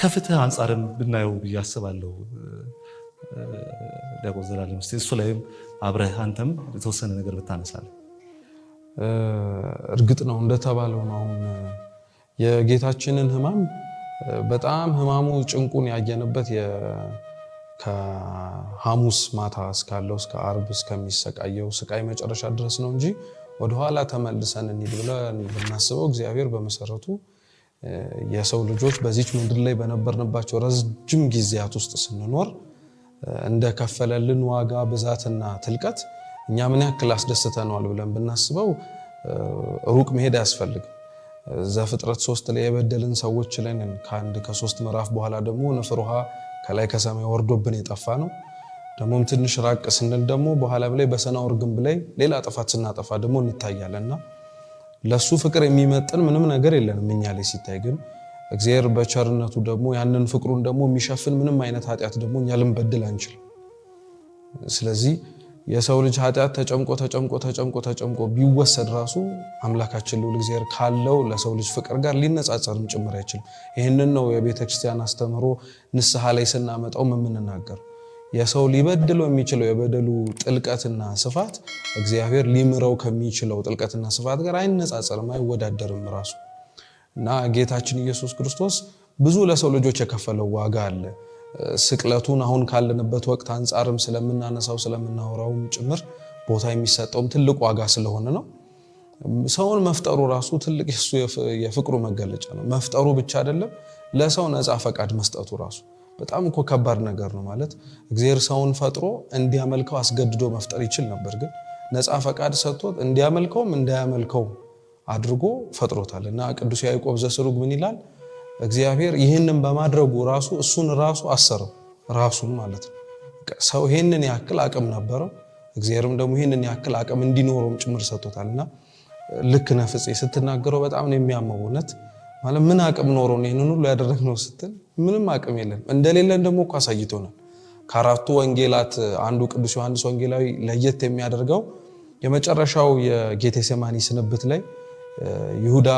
ከፍትህ አንጻርም ብናየው ብዬ አስባለሁ። ዲያቆን ዘላለም እስኪ እሱ ላይም አብረህ አንተም የተወሰነ ነገር ብታነሳል። እርግጥ ነው እንደተባለው ነው። አሁን የጌታችንን ህማም በጣም ህማሙ ጭንቁን ያየንበት ከሐሙስ ማታ እስካለው እስከ አርብ እስከሚሰቃየው ስቃይ መጨረሻ ድረስ ነው እንጂ ወደኋላ ተመልሰን እንሂድ ብለን ብናስበው እግዚአብሔር በመሰረቱ የሰው ልጆች በዚች ምድር ላይ በነበርንባቸው ረጅም ጊዜያት ውስጥ ስንኖር እንደከፈለልን ዋጋ ብዛትና ትልቀት እኛ ምን ያክል አስደስተነዋል ብለን ብናስበው ሩቅ መሄድ አያስፈልግም። ዘፍጥረት ሶስት ላይ የበደልን ሰዎች ለን ከአንድ ከሶስት ምዕራፍ በኋላ ደግሞ ንፍር ውሃ ከላይ ከሰማይ ወርዶብን የጠፋ ነው። ደግሞም ትንሽ ራቅ ስንል ደግሞ በኋላም ላይ በሰናዖር ግንብ ላይ ሌላ ጥፋት ስናጠፋ ደግሞ እንታያለንና ለሱ ፍቅር የሚመጥን ምንም ነገር የለንም እኛ ላይ ሲታይ። ግን እግዚአብሔር በቸርነቱ ደግሞ ያንን ፍቅሩን ደግሞ የሚሸፍን ምንም አይነት ኃጢአት ደግሞ እኛ ልንበድል አንችልም። ስለዚህ የሰው ልጅ ኃጢአት ተጨምቆ ተጨምቆ ተጨምቆ ተጨምቆ ቢወሰድ ራሱ አምላካችን ልዑል እግዚአብሔር ካለው ለሰው ልጅ ፍቅር ጋር ሊነጻጸርም ጭምር አይችልም። ይህንን ነው የቤተክርስቲያን አስተምህሮ ንስሐ ላይ ስናመጣው የምንናገር የሰው ሊበድለው የሚችለው የበደሉ ጥልቀትና ስፋት እግዚአብሔር ሊምረው ከሚችለው ጥልቀትና ስፋት ጋር አይነጻጸርም፣ አይወዳደርም ራሱ እና ጌታችን ኢየሱስ ክርስቶስ ብዙ ለሰው ልጆች የከፈለው ዋጋ አለ። ስቅለቱን አሁን ካለንበት ወቅት አንጻርም ስለምናነሳው ስለምናወራውም ጭምር ቦታ የሚሰጠውም ትልቅ ዋጋ ስለሆነ ነው። ሰውን መፍጠሩ ራሱ ትልቅ የሱ የፍቅሩ መገለጫ ነው። መፍጠሩ ብቻ አይደለም፣ ለሰው ነፃ ፈቃድ መስጠቱ ራሱ በጣም እኮ ከባድ ነገር ነው ማለት እግዚአብሔር ሰውን ፈጥሮ እንዲያመልከው አስገድዶ መፍጠር ይችል ነበር፣ ግን ነፃ ፈቃድ ሰጥቶት እንዲያመልከውም እንዳያመልከው አድርጎ ፈጥሮታል። እና ቅዱስ ያዕቆብ ዘስሩግ ምን ይላል? እግዚአብሔር ይህንን በማድረጉ ራሱ እሱን ራሱ አሰረው፣ ራሱን ማለት ነው። ሰው ይህንን ያክል አቅም ነበረው፣ እግዚአብሔርም ደግሞ ይህንን ያክል አቅም እንዲኖረውም ጭምር ሰጥቶታል። እና ልክ ነፍጼ ስትናገረው በጣም ነው የሚያመው እውነት ማለት ምን አቅም ነው ይህንን ሁሉ ያደረግነው ስትል ምንም አቅም የለም እንደሌለን ደግሞ እኮ አሳይቶናል። ከአራቱ ወንጌላት አንዱ ቅዱስ ዮሐንስ ወንጌላዊ ለየት የሚያደርገው የመጨረሻው የጌቴሴማኒ ስንብት ላይ ይሁዳ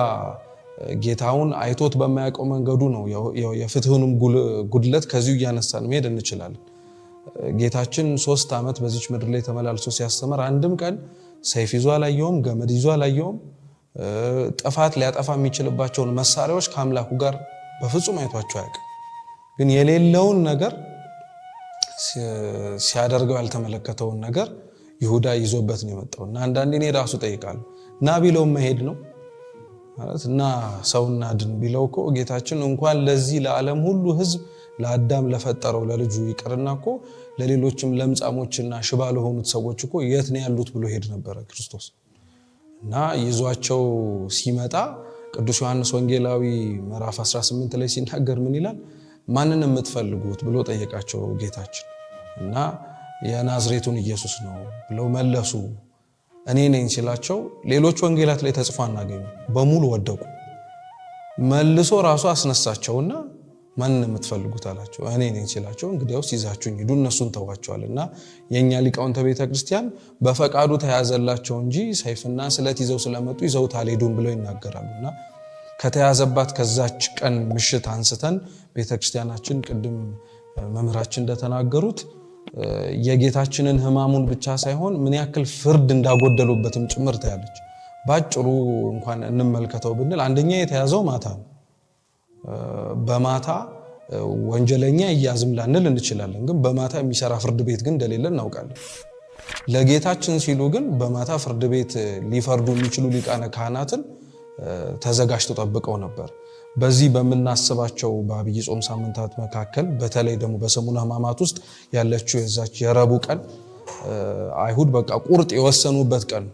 ጌታውን አይቶት በማያውቀው መንገዱ ነው። የፍትህንም ጉድለት ከዚሁ እያነሳን መሄድ እንችላለን። ጌታችን ሶስት ዓመት በዚች ምድር ላይ ተመላልሶ ሲያስተምር አንድም ቀን ሰይፍ ይዞ አላየውም፣ ገመድ ይዞ አላየውም፣ ጥፋት ሊያጠፋ የሚችልባቸውን መሳሪያዎች ከአምላኩ ጋር በፍጹም አይቷቸው አያውቅም። ግን የሌለውን ነገር ሲያደርገው ያልተመለከተውን ነገር ይሁዳ ይዞበት ነው የመጣው እና አንዳንዴ እኔ ራሱ ጠይቃለሁ እና ቢለው መሄድ ነው ማለት እና ሰውና ድን ቢለው እኮ ጌታችን እንኳን ለዚህ ለዓለም ሁሉ ህዝብ ለአዳም ለፈጠረው ለልጁ ይቅርና እኮ ለሌሎችም ለምጻሞችና ሽባ ለሆኑት ሰዎች እኮ የት ነው ያሉት ብሎ ሄድ ነበረ ክርስቶስ። እና ይዟቸው ሲመጣ ቅዱስ ዮሐንስ ወንጌላዊ ምዕራፍ 18 ላይ ሲናገር ምን ይላል? ማንን የምትፈልጉት ብሎ ጠየቃቸው ጌታችን እና የናዝሬቱን ኢየሱስ ነው ብለው መለሱ። እኔ ነኝ ሲላቸው ሌሎች ወንጌላት ላይ ተጽፎ አናገኙ፣ በሙሉ ወደቁ። መልሶ ራሱ አስነሳቸውና ማን የምትፈልጉት አላቸው። እኔ ነኝ ሲላቸው እንግዲያውስ ይዛችሁኝ ሂዱ እነሱን ተዋቸዋል። እና የእኛ ሊቃውንተ ቤተ ክርስቲያን በፈቃዱ ተያዘላቸው እንጂ ሰይፍና ስለት ይዘው ስለመጡ ይዘውት አልሄዱም ብለው ይናገራሉ። እና ከተያዘባት ከዛች ቀን ምሽት አንስተን ቤተክርስቲያናችን ቅድም መምህራችን እንደተናገሩት የጌታችንን ህማሙን ብቻ ሳይሆን ምን ያክል ፍርድ እንዳጎደሉበትም ጭምር ታያለች። ባጭሩ እንኳን እንመልከተው ብንል አንደኛ የተያዘው ማታ ነው። በማታ ወንጀለኛ እያዝም ላንል እንችላለን፣ ግን በማታ የሚሰራ ፍርድ ቤት ግን እንደሌለ እናውቃለን። ለጌታችን ሲሉ ግን በማታ ፍርድ ቤት ሊፈርዱ የሚችሉ ሊቃነ ካህናትን ተዘጋጅተው ጠብቀው ነበር። በዚህ በምናስባቸው በአብይ ጾም ሳምንታት መካከል በተለይ ደግሞ በሰሙነ ሕማማት ውስጥ ያለችው የዛች የረቡዕ ቀን አይሁድ በቃ ቁርጥ የወሰኑበት ቀን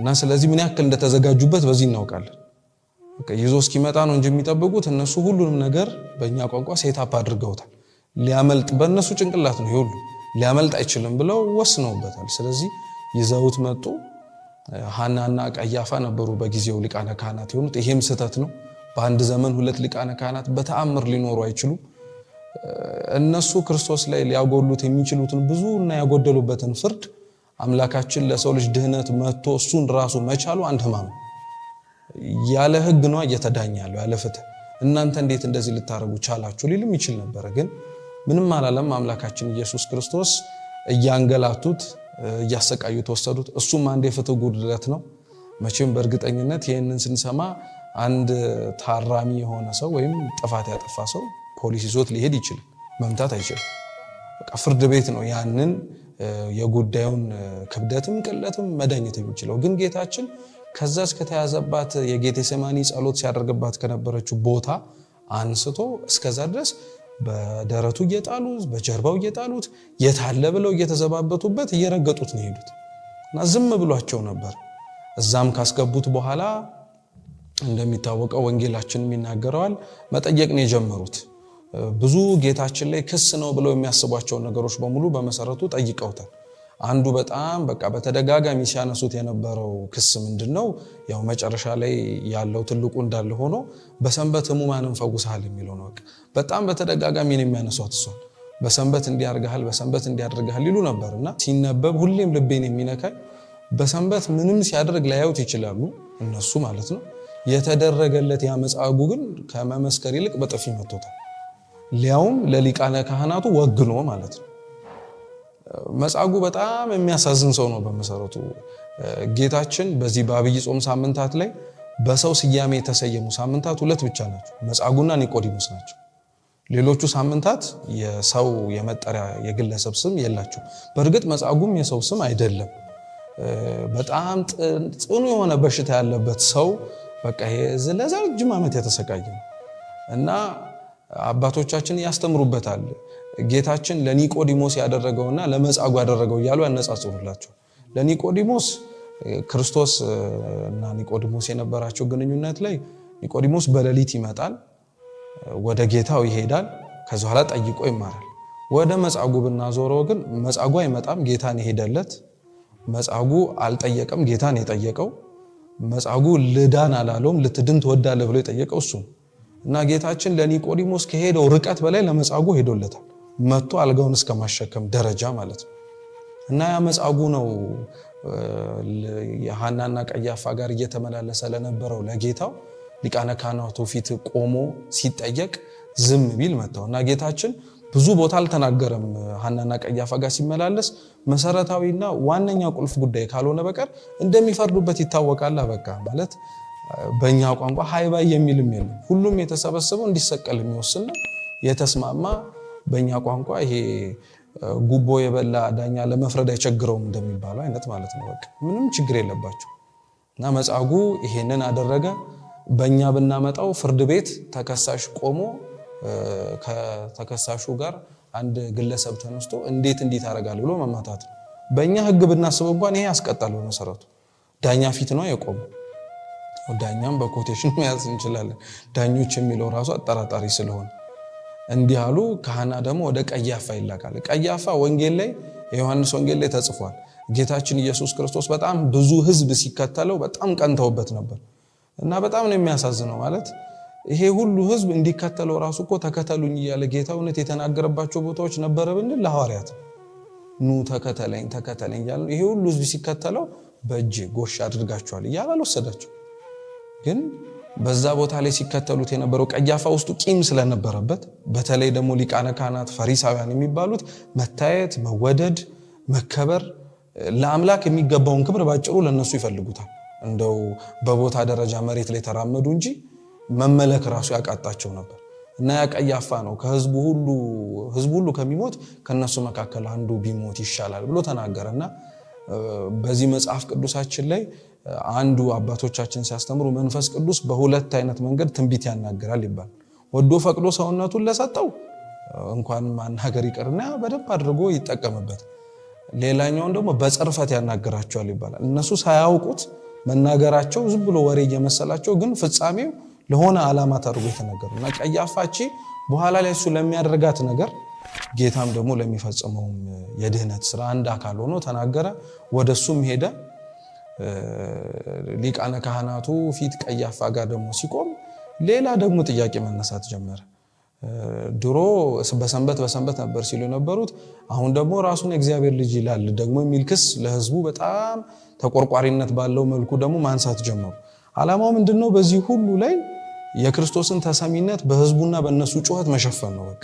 እና ስለዚህ ምን ያክል እንደተዘጋጁበት በዚህ እናውቃለን። ይዞ እስኪመጣ ነው እንጂ የሚጠብቁት እነሱ ሁሉንም ነገር በእኛ ቋንቋ ሴታፕ አድርገውታል። ሊያመልጥ በእነሱ ጭንቅላት ነው ይሁሉ ሊያመልጥ አይችልም ብለው ወስነውበታል። ስለዚህ ይዘውት መጡ። ሃናና ቀያፋ ነበሩ በጊዜው ሊቃነ ካህናት የሆኑት። ይሄም ስህተት ነው። በአንድ ዘመን ሁለት ሊቃነ ካህናት በተአምር ሊኖሩ አይችሉም። እነሱ ክርስቶስ ላይ ሊያጎሉት የሚችሉትን ብዙ እና ያጎደሉበትን ፍርድ አምላካችን ለሰው ልጅ ድህነት መጥቶ እሱን ራሱ መቻሉ አንድ ነው። ያለ ህግ ነው እየተዳኝ ያለው ያለ ፍትህ። እናንተ እንዴት እንደዚህ ልታደርጉ ቻላችሁ ሊልም ይችል ነበረ። ግን ምንም አላለም። አምላካችን ኢየሱስ ክርስቶስ እያንገላቱት እያሰቃዩት ተወሰዱት እሱም አንድ የፍትህ ጉድለት ነው። መቼም በእርግጠኝነት ይህንን ስንሰማ አንድ ታራሚ የሆነ ሰው ወይም ጥፋት ያጠፋ ሰው ፖሊስ ይዞት ሊሄድ ይችላል፣ መምታት አይችልም። ፍርድ ቤት ነው ያንን የጉዳዩን ክብደትም ቅለትም መዳኘት የሚችለው ግን ጌታችን ከዛ እስከተያዘባት የጌቴሴማኒ ጸሎት ሲያደርግባት ከነበረችው ቦታ አንስቶ እስከዛ ድረስ በደረቱ እየጣሉት በጀርባው እየጣሉት የታለ ብለው እየተዘባበቱበት እየረገጡት ነው የሄዱት እና ዝም ብሏቸው ነበር። እዛም ካስገቡት በኋላ እንደሚታወቀው ወንጌላችንም ይናገረዋል መጠየቅ ነው የጀመሩት። ብዙ ጌታችን ላይ ክስ ነው ብለው የሚያስቧቸውን ነገሮች በሙሉ በመሰረቱ ጠይቀውታል። አንዱ በጣም በቃ በተደጋጋሚ ሲያነሱት የነበረው ክስ ምንድን ነው? ያው መጨረሻ ላይ ያለው ትልቁ እንዳለ ሆኖ በሰንበት ሕሙማንን ፈውሰሃል የሚለው ነው። በጣም በተደጋጋሚ ነው የሚያነሷት እሷን በሰንበት እንዲያርግል በሰንበት እንዲያደርግል ይሉ ነበር። እና ሲነበብ ሁሌም ልቤን የሚነካኝ በሰንበት ምንም ሲያደርግ ላያዩት ይችላሉ እነሱ ማለት ነው። የተደረገለት ያ ግን ከመመስከር ይልቅ በጥፊ መቶታል። ሊያውም ለሊቃነ ካህናቱ ወግኖ ማለት ነው። መጻጉ በጣም የሚያሳዝን ሰው ነው። በመሰረቱ ጌታችን በዚህ በአብይ ጾም ሳምንታት ላይ በሰው ስያሜ የተሰየሙ ሳምንታት ሁለት ብቻ ናቸው፣ መጻጉና ኒቆዲሞስ ናቸው። ሌሎቹ ሳምንታት የሰው የመጠሪያ የግለሰብ ስም የላቸው። በእርግጥ መጻጉም የሰው ስም አይደለም። በጣም ጽኑ የሆነ በሽታ ያለበት ሰው በቃ ለዛ ረጅም ዓመት የተሰቃየ ነው እና አባቶቻችን ያስተምሩበታል። ጌታችን ለኒቆዲሞስ ያደረገውና ለመጻጉ ያደረገው እያሉ ያነጻጽሩላቸው። ለኒቆዲሞስ ክርስቶስ እና ኒቆዲሞስ የነበራቸው ግንኙነት ላይ ኒቆዲሞስ በሌሊት ይመጣል፣ ወደ ጌታው ይሄዳል፣ ከዚ በኋላ ጠይቆ ይማራል። ወደ መጻጉ ብናዞረው ግን መጻጉ አይመጣም፣ ጌታን የሄደለት መጻጉ አልጠየቀም፣ ጌታን የጠየቀው መጻጉ ልዳን አላለውም፣ ልትድን ትወዳለህ ብሎ የጠየቀው እሱ ነው። እና ጌታችን ለኒቆዲሞስ ከሄደው ርቀት በላይ ለመጻጉ ሄዶለታል። መጥቶ አልጋውን እስከ ማሸከም ደረጃ ማለት ነው። እና ያ መጻጉ ነው የሐናና ቀያፋ ጋር እየተመላለሰ ለነበረው ለጌታው ሊቃነ ካህናቱ ፊት ቆሞ ሲጠየቅ ዝም ቢል መጥተው እና ጌታችን ብዙ ቦታ አልተናገረም። ሐናና ቀያፋ ጋር ሲመላለስ መሰረታዊና ዋነኛ ቁልፍ ጉዳይ ካልሆነ በቀር እንደሚፈርዱበት ይታወቃል። በቃ ማለት በእኛ ቋንቋ ሀይባይ የሚልም የለም። ሁሉም የተሰበሰበው እንዲሰቀል የሚወስን የተስማማ በእኛ ቋንቋ ይሄ ጉቦ የበላ ዳኛ ለመፍረድ አይቸግረውም እንደሚባለው አይነት ማለት ነው። በቃ ምንም ችግር የለባቸው እና መጻጉ ይሄንን አደረገ። በእኛ ብናመጣው ፍርድ ቤት ተከሳሽ ቆሞ ከተከሳሹ ጋር አንድ ግለሰብ ተነስቶ እንዴት እንዴት ታደርጋለህ ብሎ መማታት ነው። በእኛ ህግ ብናስብ እንኳን ይሄ ያስቀጣል። በመሰረቱ ዳኛ ፊት ነው የቆመው። ዳኛም በኮቴሽን መያዝ እንችላለን። ዳኞች የሚለው ራሱ አጠራጣሪ ስለሆነ እንዲህ አሉ። ካህና ደግሞ ወደ ቀያፋ ይላካል። ቀያፋ ወንጌል ላይ የዮሐንስ ወንጌል ላይ ተጽፏል። ጌታችን ኢየሱስ ክርስቶስ በጣም ብዙ ሕዝብ ሲከተለው በጣም ቀንተውበት ነበር እና በጣም ነው የሚያሳዝነው ማለት ይሄ ሁሉ ሕዝብ እንዲከተለው ራሱ እኮ ተከተሉኝ እያለ ጌታ እውነት የተናገረባቸው ቦታዎች ነበረ ብንል ለሐዋርያት ኑ ተከተለኝ ተከተለኝ እያለ ይሄ ሁሉ ሕዝብ ሲከተለው በእጅ ጎሽ አድርጋቸዋል እያለ አልወሰዳቸው ግን በዛ ቦታ ላይ ሲከተሉት የነበረው ቀያፋ ውስጡ ቂም ስለነበረበት፣ በተለይ ደግሞ ሊቃነ ካህናት ፈሪሳውያን የሚባሉት መታየት፣ መወደድ፣ መከበር ለአምላክ የሚገባውን ክብር ባጭሩ ለነሱ ይፈልጉታል። እንደው በቦታ ደረጃ መሬት ላይ ተራመዱ እንጂ መመለክ ራሱ ያቃጣቸው ነበር እና ያ ቀያፋ ነው ከህዝቡ ሁሉ ህዝቡ ሁሉ ከሚሞት ከነሱ መካከል አንዱ ቢሞት ይሻላል ብሎ ተናገረ እና በዚህ መጽሐፍ ቅዱሳችን ላይ አንዱ አባቶቻችን ሲያስተምሩ መንፈስ ቅዱስ በሁለት አይነት መንገድ ትንቢት ያናግራል ይባል። ወዶ ፈቅዶ ሰውነቱን ለሰጠው እንኳን ማናገር ይቅርና በደንብ አድርጎ ይጠቀምበት። ሌላኛውን ደግሞ በጽርፈት ያናገራቸዋል ይባላል። እነሱ ሳያውቁት መናገራቸው ዝም ብሎ ወሬ እየመሰላቸው ግን ፍጻሜው ለሆነ ዓላማ ተደርጎ የተነገሩ እና ቀያፋቺ በኋላ ላይ እሱ ለሚያደርጋት ነገር ጌታም ደግሞ ለሚፈጽመውም የድህነት ስራ አንድ አካል ሆኖ ተናገረ። ወደሱም ሄደ። ሊቃነ ካህናቱ ፊት ቀያፋ ጋር ደግሞ ሲቆም ሌላ ደግሞ ጥያቄ መነሳት ጀመረ። ድሮ በሰንበት በሰንበት ነበር ሲሉ የነበሩት፣ አሁን ደግሞ ራሱን የእግዚአብሔር ልጅ ይላል ደግሞ የሚል ክስ ለህዝቡ በጣም ተቆርቋሪነት ባለው መልኩ ደግሞ ማንሳት ጀመሩ። አላማው ምንድነው በዚህ ሁሉ ላይ የክርስቶስን ተሰሚነት በህዝቡና በእነሱ ጩኸት መሸፈን ነው። በቃ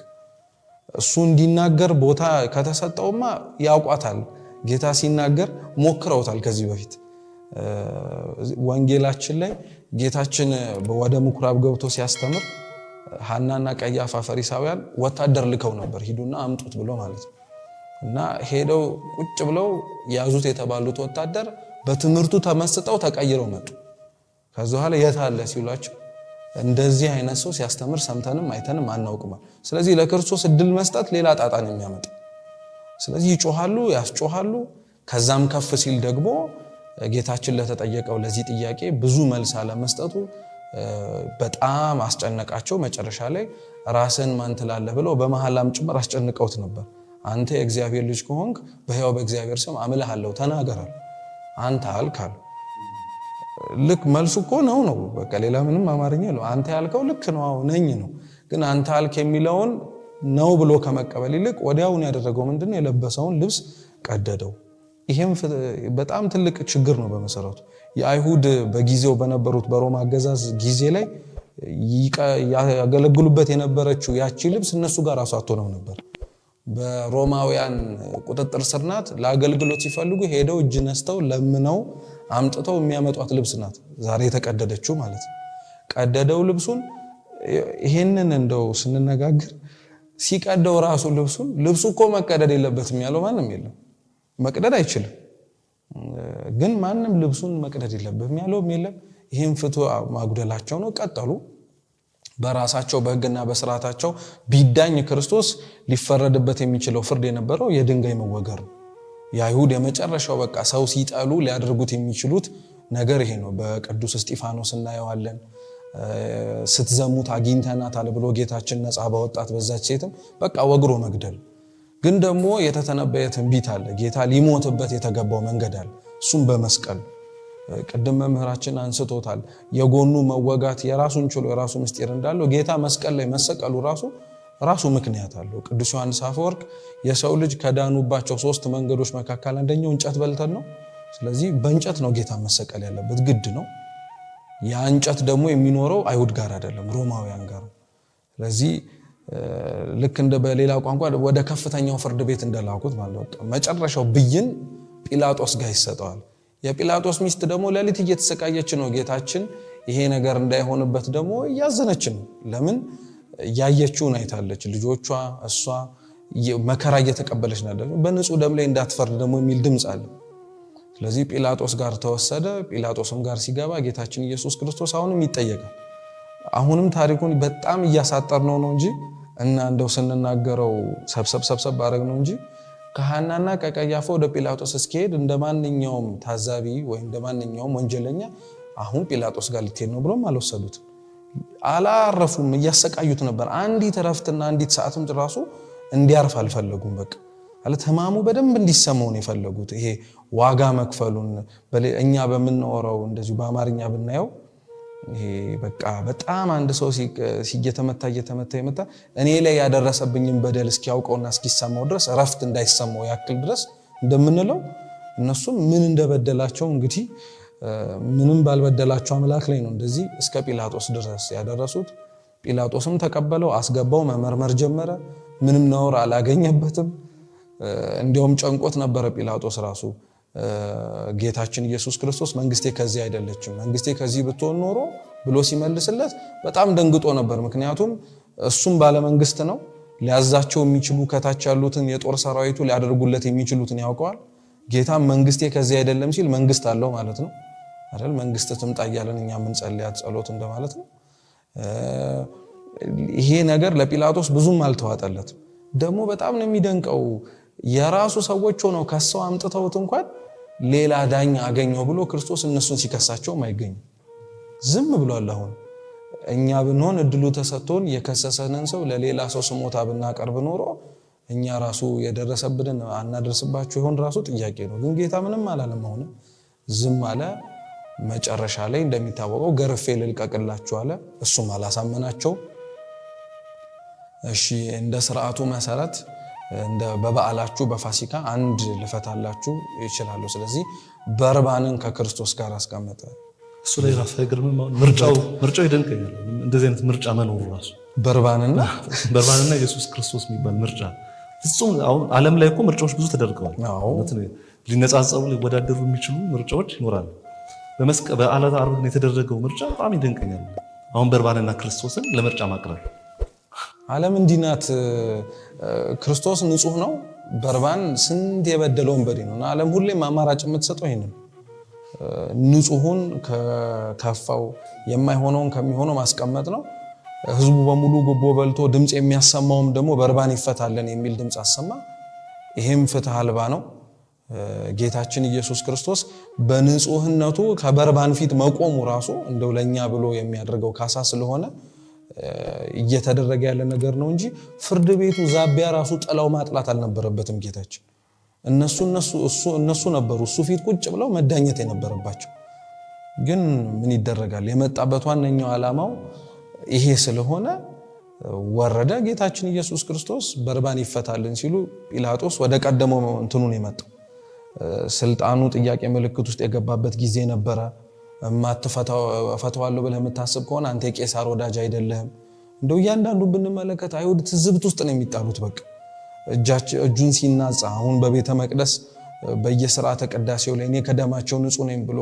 እሱ እንዲናገር ቦታ ከተሰጠውማ ያውቋታል። ጌታ ሲናገር ሞክረውታል ከዚህ በፊት ወንጌላችን ላይ ጌታችን ወደ ምኩራብ ገብቶ ሲያስተምር ሀናና ቀያፋ ፈሪሳውያን ወታደር ልከው ነበር፣ ሂዱና አምጡት ብሎ ማለት ነው። እና ሄደው ቁጭ ብለው ያዙት የተባሉት ወታደር በትምህርቱ ተመስጠው ተቀይረው መጡ። ከዚ በኋላ የት አለ ሲሏቸው እንደዚህ አይነት ሰው ሲያስተምር ሰምተንም አይተንም አናውቅም። ስለዚህ ለክርስቶስ እድል መስጠት ሌላ ጣጣን የሚያመጣ ስለዚህ ይጮሃሉ፣ ያስጮሃሉ። ከዛም ከፍ ሲል ደግሞ ጌታችን ለተጠየቀው ለዚህ ጥያቄ ብዙ መልስ አለመስጠቱ በጣም አስጨነቃቸው። መጨረሻ ላይ ራስን ማን ትላለህ ብለው በመሐላም ጭምር አስጨንቀውት ነበር። አንተ የእግዚአብሔር ልጅ ከሆንክ በሕያው በእግዚአብሔር ስም አምልሃለሁ ተናገራል። አንተ አልካል ልክ መልሱ እኮ ነው ነው በቃ ሌላ ምንም አማርኛ አንተ ያልከው ልክ ነው ነኝ ነው። ግን አንተ አልክ የሚለውን ነው ብሎ ከመቀበል ይልቅ ወዲያውን ያደረገው ምንድነው የለበሰውን ልብስ ቀደደው። ይህም በጣም ትልቅ ችግር ነው። በመሰረቱ የአይሁድ በጊዜው በነበሩት በሮማ አገዛዝ ጊዜ ላይ ያገለግሉበት የነበረችው ያቺ ልብስ እነሱ ጋር አሷቶ ነው ነበር። በሮማውያን ቁጥጥር ስር ናት። ለአገልግሎት ሲፈልጉ ሄደው እጅ ነስተው ለምነው አምጥተው የሚያመጧት ልብስ ናት፣ ዛሬ የተቀደደችው ማለት ነው። ቀደደው ልብሱን። ይሄንን እንደው ስንነጋገር ሲቀደው ራሱ ልብሱን ልብሱ እኮ መቀደድ የለበትም ያለው ማንም የለም። መቅደድ አይችልም። ግን ማንም ልብሱን መቅደድ የለብህም ያለውም የለም። ይህም ፍትሕ ማጉደላቸው ነው። ቀጠሉ። በራሳቸው በህግና በስርዓታቸው ቢዳኝ ክርስቶስ ሊፈረድበት የሚችለው ፍርድ የነበረው የድንጋይ መወገር ነው። የአይሁድ የመጨረሻው በቃ ሰው ሲጠሉ ሊያደርጉት የሚችሉት ነገር ይሄ ነው። በቅዱስ እስጢፋኖስ እናየዋለን። ስትዘሙት አለ ብሎ ጌታችን ነፃ ባወጣት በዛች ሴትም በቃ ወግሮ መግደል ግን ደግሞ የተተነበየ ትንቢት አለ። ጌታ ሊሞትበት የተገባው መንገድ አለ። እሱም በመስቀል ቅድም መምህራችን አንስቶታል። የጎኑ መወጋት የራሱን ችሎ የራሱ ምስጢር እንዳለው ጌታ መስቀል ላይ መሰቀሉ ራሱ ራሱ ምክንያት አለው። ቅዱስ ዮሐንስ አፈወርቅ የሰው ልጅ ከዳኑባቸው ሶስት መንገዶች መካከል አንደኛው እንጨት በልተን ነው። ስለዚህ በእንጨት ነው ጌታ መሰቀል ያለበት ግድ ነው። ያ እንጨት ደግሞ የሚኖረው አይሁድ ጋር አይደለም፣ ሮማውያን ጋር ስለዚህ ልክ እንደ በሌላ ቋንቋ ወደ ከፍተኛው ፍርድ ቤት እንደላኩት ማለት መጨረሻው ብይን ጲላጦስ ጋር ይሰጠዋል። የጲላጦስ ሚስት ደግሞ ሌሊት እየተሰቃየች ነው። ጌታችን ይሄ ነገር እንዳይሆንበት ደግሞ እያዘነች ነው። ለምን እያየችውን አይታለች። ልጆቿ እሷ መከራ እየተቀበለች ናለች። በንጹህ ደም ላይ እንዳትፈርድ ደግሞ የሚል ድምፅ አለ። ስለዚህ ጲላጦስ ጋር ተወሰደ። ጲላጦስም ጋር ሲገባ ጌታችን ኢየሱስ ክርስቶስ አሁንም ይጠየቃል። አሁንም ታሪኩን በጣም እያሳጠር ነው ነው እንጂ እና እንደው ስንናገረው ሰብሰብ ሰብሰብ ባረግ ነው እንጂ ከሐናና ከቀያፋ ወደ ጲላጦስ እስኪሄድ እንደ ማንኛውም ታዛቢ ወይም እንደ ማንኛውም ወንጀለኛ አሁን ጲላጦስ ጋር ልትሄድ ነው ብሎም አልወሰዱት። አላረፉም፣ እያሰቃዩት ነበር። አንዲት እረፍትና አንዲት ሰዓትም ራሱ እንዲያርፍ አልፈለጉም። በቃ ማለት ህማሙ በደንብ እንዲሰማው ነው የፈለጉት። ይሄ ዋጋ መክፈሉን እኛ በምናወራው እንደዚሁ በአማርኛ ብናየው በቃ በጣም አንድ ሰው እየተመታ እየተመታ የመጣ እኔ ላይ ያደረሰብኝን በደል እስኪያውቀውና እስኪሰማው ድረስ እረፍት እንዳይሰማው ያክል ድረስ እንደምንለው እነሱም ምን እንደበደላቸው እንግዲህ ምንም ባልበደላቸው አምላክ ላይ ነው እንደዚህ እስከ ጲላጦስ ድረስ ያደረሱት። ጲላጦስም ተቀበለው፣ አስገባው፣ መመርመር ጀመረ። ምንም ነውር አላገኘበትም። እንዲያውም ጨንቆት ነበረ ጲላጦስ ራሱ ጌታችን ኢየሱስ ክርስቶስ መንግስቴ ከዚህ አይደለችም፣ መንግስቴ ከዚህ ብትሆን ኖሮ ብሎ ሲመልስለት በጣም ደንግጦ ነበር። ምክንያቱም እሱም ባለመንግስት ነው። ሊያዛቸው የሚችሉ ከታች ያሉትን የጦር ሰራዊቱ ሊያደርጉለት የሚችሉትን ያውቀዋል። ጌታ መንግስቴ ከዚህ አይደለም ሲል መንግስት አለው ማለት ነው አይደል? መንግስት ትምጣ እያለን እኛ የምንጸልያት ጸሎት እንደማለት ነው። ይሄ ነገር ለጲላጦስ ብዙም አልተዋጠለት። ደግሞ በጣም ነው የሚደንቀው የራሱ ሰዎች ሆነው ከሰው አምጥተውት እንኳን ሌላ ዳኛ አገኘው ብሎ ክርስቶስ እነሱን ሲከሳቸውም አይገኝም። ዝም ብሏል። አሁን እኛ ብንሆን እድሉ ተሰጥቶን የከሰሰንን ሰው ለሌላ ሰው ስሞታ ብናቀርብ ኖሮ እኛ ራሱ የደረሰብንን አናደርስባቸው ይሆን ራሱ ጥያቄ ነው። ግን ጌታ ምንም አላለም። አሁንም ዝም አለ። መጨረሻ ላይ እንደሚታወቀው ገርፌ ልልቀቅላችሁ አለ። እሱም አላሳመናቸው። እሺ እንደ ስርዓቱ መሰረት በበዓላችሁ በፋሲካ አንድ ልፈታላችሁ ይችላሉ። ስለዚህ በርባንን ከክርስቶስ ጋር አስቀመጠ። እሱ ላይ ራሱ አይገርምም? ምርጫው ይደንቀኛል። እንደዚህ አይነት ምርጫ መኖሩ ራሱ በርባንና በርባንና ኢየሱስ ክርስቶስ የሚባል ምርጫ ፍጹም አሁን ዓለም ላይ እኮ ምርጫዎች ብዙ ተደርገዋል። ሊነጻጸሩ ሊወዳደሩ የሚችሉ ምርጫዎች ይኖራሉ። በዓለ ዓርብ የተደረገው ምርጫ በጣም ይደንቀኛል። አሁን በርባንና ክርስቶስን ለምርጫ ማቅረብ ዓለም እንዲህ ናት። ክርስቶስ ንጹህ ነው። በርባን ስንት የበደለ ወንበዴ ነው እና ዓለም ሁሌም አማራጭ የምትሰጠው ይህንን ንጹሁን ከከፋው የማይሆነውን ከሚሆነው ማስቀመጥ ነው። ህዝቡ በሙሉ ጉቦ በልቶ ድምፅ የሚያሰማውም ደግሞ በርባን ይፈታለን የሚል ድምፅ አሰማ። ይሄም ፍትህ አልባ ነው። ጌታችን ኢየሱስ ክርስቶስ በንጹህነቱ ከበርባን ፊት መቆሙ ራሱ እንደው ለእኛ ብሎ የሚያደርገው ካሳ ስለሆነ እየተደረገ ያለ ነገር ነው እንጂ ፍርድ ቤቱ ዛቢያ ራሱ ጥላው ማጥላት አልነበረበትም ጌታችን። እነሱ እነሱ ነበሩ እሱ ፊት ቁጭ ብለው መዳኘት የነበረባቸው። ግን ምን ይደረጋል? የመጣበት ዋነኛው ዓላማው ይሄ ስለሆነ ወረደ። ጌታችን ኢየሱስ ክርስቶስ በርባን ይፈታልን ሲሉ ጲላጦስ ወደ ቀደመው እንትኑን የመጣው ስልጣኑ ጥያቄ ምልክት ውስጥ የገባበት ጊዜ ነበረ። ፈተዋለሁ ብለህ የምታስብ ከሆነ አንተ የቄሳር ወዳጅ አይደለህም። እንደው እያንዳንዱ ብንመለከት አይሁድ ትዝብት ውስጥ ነው የሚጣሉት። በቃ እጁን ሲናጻ አሁን በቤተ መቅደስ በየስርዓተ ቅዳሴው ላይ እኔ ከደማቸው ንጹህ ነኝ ብሎ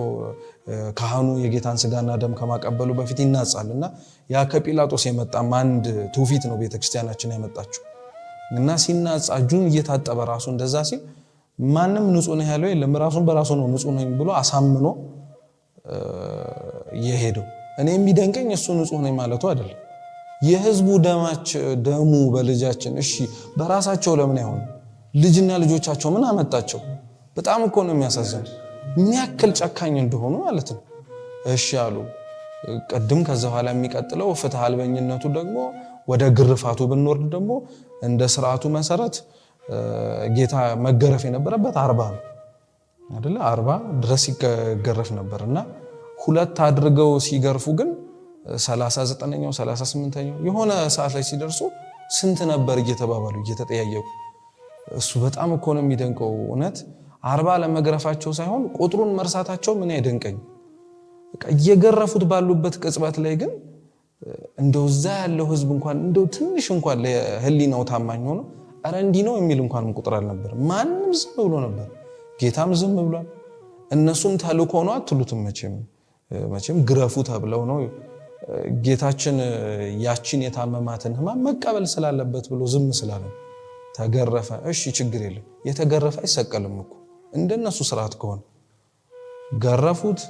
ካህኑ የጌታን ስጋና ደም ከማቀበሉ በፊት ይናጻል እና ያ ከጲላጦስ የመጣም አንድ ትውፊት ነው ቤተክርስቲያናችን ያመጣችው እና ሲናጻ እጁን እየታጠበ ራሱ እንደዛ ሲል ማንም ንጹህ ነው ያለው የለም። ራሱን በራሱ ነው ንጹህ ነኝ ብሎ አሳምኖ የሄደው። እኔ የሚደንቀኝ እሱ ንጹህ ነኝ ማለቱ አይደለም። የህዝቡ ደሙ በልጃችን እሺ፣ በራሳቸው ለምን አይሆንም? ልጅና ልጆቻቸው ምን አመጣቸው? በጣም እኮ ነው የሚያሳዝን። የሚያክል ጨካኝ እንደሆኑ ማለት ነው። እሺ አሉ ቅድም። ከዛ በኋላ የሚቀጥለው ፍትህ አልበኝነቱ ደግሞ ወደ ግርፋቱ ብንወርድ ደግሞ እንደ ስርዓቱ መሰረት ጌታ መገረፍ የነበረበት አርባ ነው አይደለ? አርባ ድረስ ይገረፍ ነበር እና ሁለት አድርገው ሲገርፉ ግን 39ኛው 38ኛው የሆነ ሰዓት ላይ ሲደርሱ ስንት ነበር እየተባባሉ እየተጠያየቁ እሱ በጣም እኮ ነው የሚደንቀው። እውነት አርባ ለመግረፋቸው ሳይሆን ቁጥሩን መርሳታቸው ምን አይደንቀኝ። እየገረፉት ባሉበት ቅጽበት ላይ ግን እንደው እዛ ያለው ህዝብ እንኳን እንደው ትንሽ እንኳን ለህሊናው ታማኝ ሆኖ ኧረ እንዲህ ነው የሚል እንኳንም ቁጥር አልነበር። ማንም ዝም ብሎ ነበር። ጌታም ዝም ብሏል። እነሱም ተልእኮ ነው አትሉትም መቼም መቼም ግረፉ ተብለው ነው። ጌታችን ያችን የታመማትን ህማም መቀበል ስላለበት ብሎ ዝም ስላለ ተገረፈ። እሺ ችግር የለም የተገረፈ አይሰቀልም እኮ እንደነሱ ስርዓት ከሆነ ገረፉት።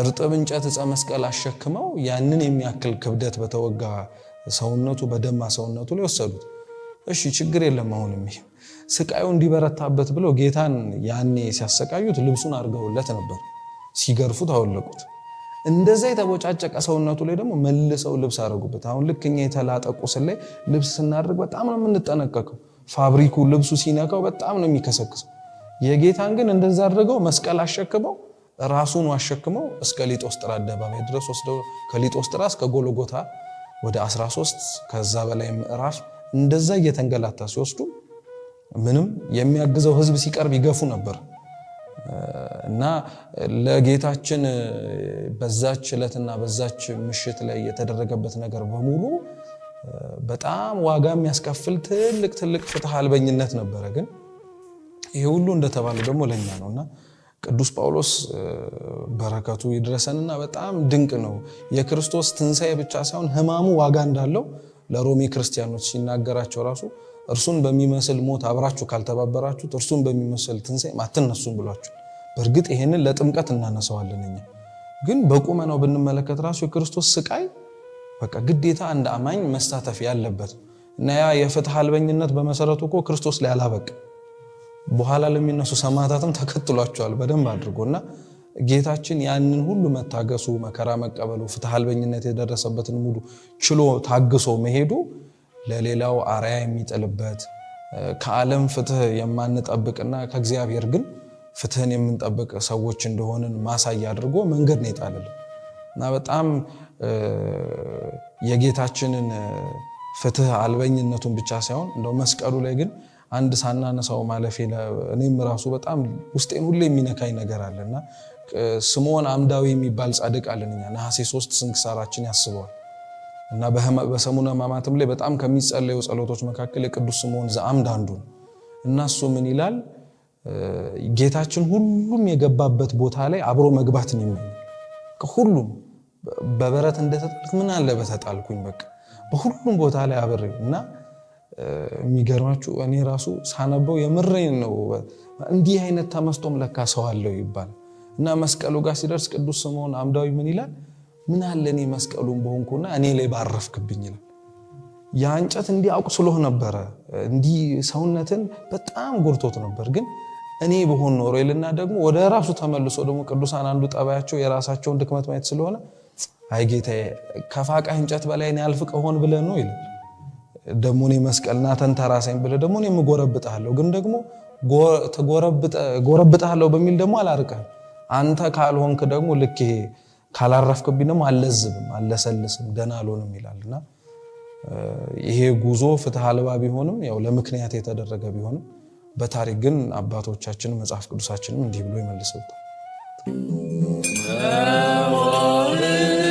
እርጥብ እንጨት እፀ መስቀል አሸክመው ያንን የሚያክል ክብደት በተወጋ ሰውነቱ በደማ ሰውነቱ ላይ ወሰዱት። እሺ ችግር የለም አሁንም ይሄ ስቃዩ እንዲበረታበት ብለው ጌታን ያኔ ሲያሰቃዩት ልብሱን አድርገውለት ነበር፣ ሲገርፉት አወለቁት። እንደዛ የተቦጫጨቀ ሰውነቱ ላይ ደግሞ መልሰው ልብስ አድርጉበት አሁን ልክ እኛ የተላጠ ቁስል ላይ ልብስ ስናደርግ በጣም ነው የምንጠነቀቀው። ፋብሪኩ ልብሱ ሲነካው በጣም ነው የሚከሰክሰው። የጌታን ግን እንደዛ አድርገው መስቀል አሸክመው ራሱን አሸክመው እስከ ሊጦስጥራ አደባባይ ድረስ ወስደው ከሊጦስጥራ እስከ ጎሎጎታ ወደ 13 ከዛ በላይ ምዕራፍ እንደዛ እየተንገላታ ሲወስዱ ምንም የሚያግዘው ህዝብ ሲቀርብ ይገፉ ነበር። እና ለጌታችን በዛች እለትና በዛች ምሽት ላይ የተደረገበት ነገር በሙሉ በጣም ዋጋ የሚያስከፍል ትልቅ ትልቅ ፍትህ አልበኝነት ነበረ። ግን ይሄ ሁሉ እንደተባለ ደግሞ ለእኛ ነው እና ቅዱስ ጳውሎስ በረከቱ ይድረሰንና በጣም ድንቅ ነው። የክርስቶስ ትንሣኤ ብቻ ሳይሆን ሕማሙ ዋጋ እንዳለው ለሮሜ ክርስቲያኖች ሲናገራቸው ራሱ እርሱን በሚመስል ሞት አብራችሁ ካልተባበራችሁት እርሱን በሚመስል ትንሣኤም አትነሱም ብሏችሁ። በእርግጥ ይሄንን ለጥምቀት እናነሰዋለን እኛ ግን በቁመናው ብንመለከት ራሱ የክርስቶስ ስቃይ በቃ ግዴታ እንደ አማኝ መሳተፍ ያለበት እና ያ የፍትህ አልበኝነት በመሰረቱ እኮ ክርስቶስ ላይ አላበቅ በኋላ ለሚነሱ ሰማዕታትም ተከትሏቸዋል በደንብ አድርጎና ጌታችን ያንን ሁሉ መታገሱ፣ መከራ መቀበሉ፣ ፍትህ አልበኝነት የደረሰበትን ሙሉ ችሎ ታግሶ መሄዱ ለሌላው አርያ የሚጥልበት ከዓለም ፍትህ የማንጠብቅና ከእግዚአብሔር ግን ፍትህን የምንጠብቅ ሰዎች እንደሆንን ማሳያ አድርጎ መንገድ ነው የጣለልን እና በጣም የጌታችንን ፍትህ አልበኝነቱን ብቻ ሳይሆን እንደው መስቀሉ ላይ ግን አንድ ሳናነሳው ማለፌ እኔም ራሱ በጣም ውስጤን ሁሌ የሚነካኝ ነገር አለና ስምዖን አምዳዊ የሚባል ጻድቅ አለን እኛ ነሐሴ ሶስት ስንክሳራችን ያስበዋል። እና በሰሙነ ሕማማትም ላይ በጣም ከሚጸለዩ ጸሎቶች መካከል የቅዱስ ስምዖን ዘአምድ አንዱ ነው። እና እሱ ምን ይላል? ጌታችን ሁሉም የገባበት ቦታ ላይ አብሮ መግባት ነው የሚል ሁሉም በበረት እንደተጣልኩ ምን አለ በተጣልኩኝ በቃ በሁሉም ቦታ ላይ አብሬ እና የሚገርማችሁ እኔ ራሱ ሳነበው የምሬን ነው። እንዲህ አይነት ተመስጦም ለካ ሰው አለው ይባል እና መስቀሉ ጋር ሲደርስ ቅዱስ ስምዖን አምዳዊ ምን ይላል? ምን አለ እኔ መስቀሉን በሆንኩና እኔ ላይ ባረፍክብኝ ይላል። ያ እንጨት እንዲህ አቁስሎህ ነበረ፣ እንዲህ ሰውነትን በጣም ጎድቶት ነበር። ግን እኔ በሆን ኖሮ ይልና ደግሞ ወደ ራሱ ተመልሶ ደግሞ ቅዱሳን አንዱ ጠባያቸው የራሳቸውን ድክመት ማየት ስለሆነ አይ ጌታዬ ከፋቃህ እንጨት በላይ እኔ አልፍቅ ሆን ብለህ ነው ይላል። ደግሞ እኔ መስቀልና ተንተራሳኝ ብለህ ደግሞ እኔ እጎረብጥሃለሁ፣ ግን ደግሞ ጎረብጥሃለሁ በሚል ደግሞ አላርቀህም። አንተ ካልሆንክ ደግሞ ልክ ይሄ ካላረፍክብኝ ደግሞ አልለዝብም፣ አለሰልስም ገና አልሆንም እና ይሄ ጉዞ ፍትህ አልባ ቢሆንም ያው ለምክንያት የተደረገ ቢሆንም በታሪክ ግን አባቶቻችንም መጽሐፍ ቅዱሳችንም እንዲህ ብሎ ይመልሰውታል።